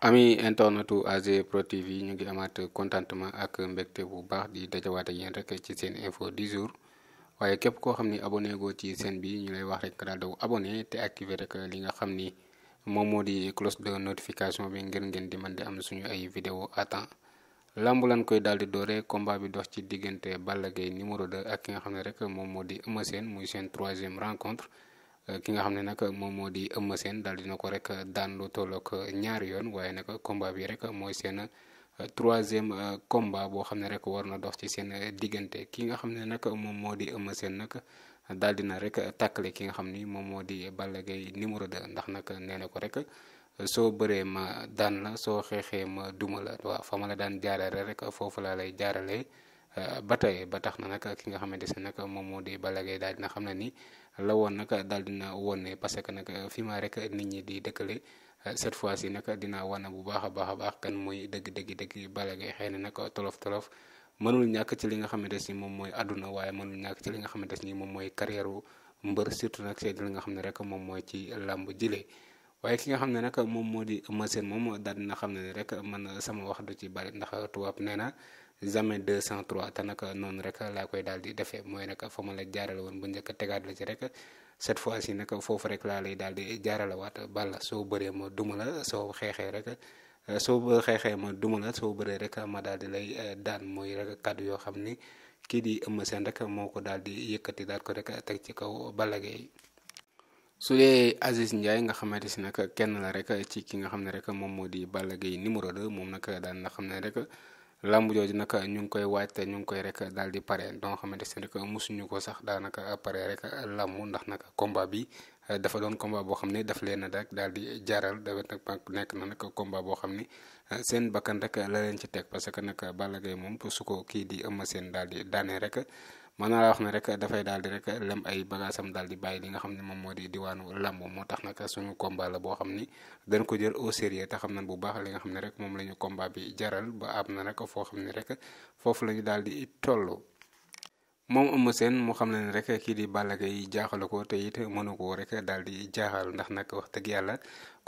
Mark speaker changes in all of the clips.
Speaker 1: ami internetu AG Pro TV ñu ngi amaat contentement ak mbégte bu baax di dajawaat ak yéen rek ci seen info di jours waaye képp koo xam ni abonné goo ci seen bi ñu lay wax rek daal daw abonné te activé rek li nga xam ni moom moo di cloche de notification bi ngir ngeen di man di am suñu ay vidéo à temps lamb lan koy daal di doore combat bi dox ci diggante Balla Gaye numéro 2 ak ki nga xam ne rek moom moo di Eumeu Sène muy seen troisième rencontre. ki nga xam ne nag moom moo di Eumeu seen daal dina ko rek daan lu tollook ñaari yoon waaye nag combat bii rek mooy seen euh, troisième euh, combat boo xam ne rek war na dox ci seen diggante ki nga xam ne nag moom moo di Eumeu seen nag daal dina rek takkale ki nga xam ni moom moo di Balla Gaye numéro de ndax nag nee na ko rek soo bëree ma daan la soo xeexee ma duma la waaw fa ma la daan jaarale rek foofu laa lay jaarale Euh, ba tey ba tax na nag ki nga xamante si nag moom moo di Balla daal dina xam ne ni la woon nag daal dina wone parce que nag fi rek nit ñi di dëkkale euh, cette fois ci nag dinaa wane bu baax a baax a baax kan mooy dëgg dëgg dëgg Balla Gaye xëy na nag tolof tolof mënul ñàkk ci li nga xamante si moom mooy àdduna waaye mënul ñàkk ci li nga xamante si moom mooy carrière mbër surtout nag seet li nga xam ne rek moom mooy ci làmb jile. waaye ki xam ne nag moom moo di Eumeu Sène moom daal dina xam ne rek man sama wax du ci bari ndax tubaab nee na jamais 203 te nag noonu rek laa koy daal di defee mooy nag foo ma la jaarale woon bu njëkk tegaat la ci rek cette fois ci nag foofu rek laa lay daal di jaaralewaat balla soo bëree ma duma la soo xeexee rek soo xeexee ma duma la soo bëree rek ma daal di lay eh, daan mooy rek kàddu yoo xam ne kii di Eumeu Sène rek moo ko daal di yëkkati daal ko rek teg ci kaw Balla Gaye su dee Aziz Ndiaye nga xamante si nag kenn la rek ci ki nga xam ne rek moom moo di Balla Gaye numéro 2 moom nag daan na xam ne rek. làmb jooju nag ñu ngi koy waaj te ñu ngi koy rek daal di pare doo xamante ne que mosuñu ko sax daanaka pare rek làmb ndax nag combat bi dafa doon combat boo xam ne daf leen rek daal di jaaral dawet nag nekk na nag combat boo xam ne seen bakkan rek la leen ci teg parce que nag Balla Gaye moom su ko kii di Eumeu seen daal di daane rek. mën naa la wax ne rek dafay daal di rek lem ay bagaasam daal di bàyyi li nga xam ne moom moo di diwaanu làmb moo tax nag suñu combat la boo xam ni dañ ko jël au sérieux te xam nañ bu baax li nga xam ne rek moom la ñu combat bi jaral ba am na rek foo xam ne rek foofu la ñu daal di toll. moom Eumeu Sène mu xam ne rek kii di Balla Gaye jaaxal ko te it mënu ko rek daal di jaaxal ndax nag wax dëgg yàlla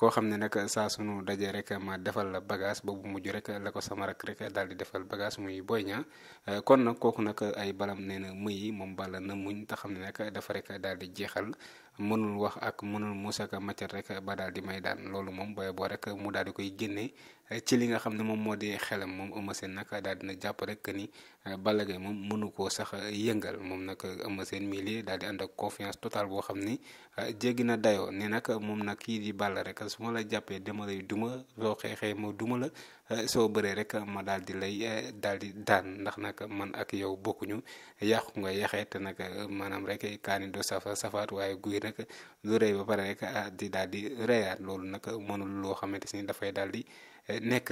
Speaker 1: koo xam ne nag saa sunu dajee rek ma defal la bagage boobu mujj rek la ko sama rak rek daal di defal bagage muy Boy Niang kon nag kooku nag ay balam nee na mëyi moom bala na muñ te xam ne nag dafa daal di jeexal mënul wax ak mënul musaka maccat rek ba daal di may daan loolu moom booy boo rek mu daal di koy génnee ci li nga xam ne moom moo di xelam moom Eumeu nag daal dina jàpp rek ni Balla moom mënu koo sax yëngal moom nag Eumeu Sène mii lii daal di ànd confiance totale boo xam ni jéggi na dayoo ne nag moom nag kii di Balla su ma la jàppee dama lay duma soo xeexee ma duma la eh, soo bëree rek ma daal di lay eh, daal di daan ndax nag man ak yow bokkuñu yàqu nga yaxee te nag eh, maanaam rek kaani doo safa safaat waaye guy nag lu rëy ba pare rek ah, di daal di reyaat loolu nag mënul loo xamante ni dafay daal di nekk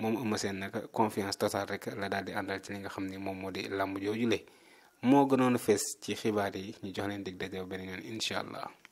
Speaker 1: moom Eumeu seen nag confiance totale rek la dal di àndal ci li nga xam ni moom moo di làmb jooju le moo gënoon fees ci xibaar yi ñu jox leen dig dajew beneen yoon incha allah.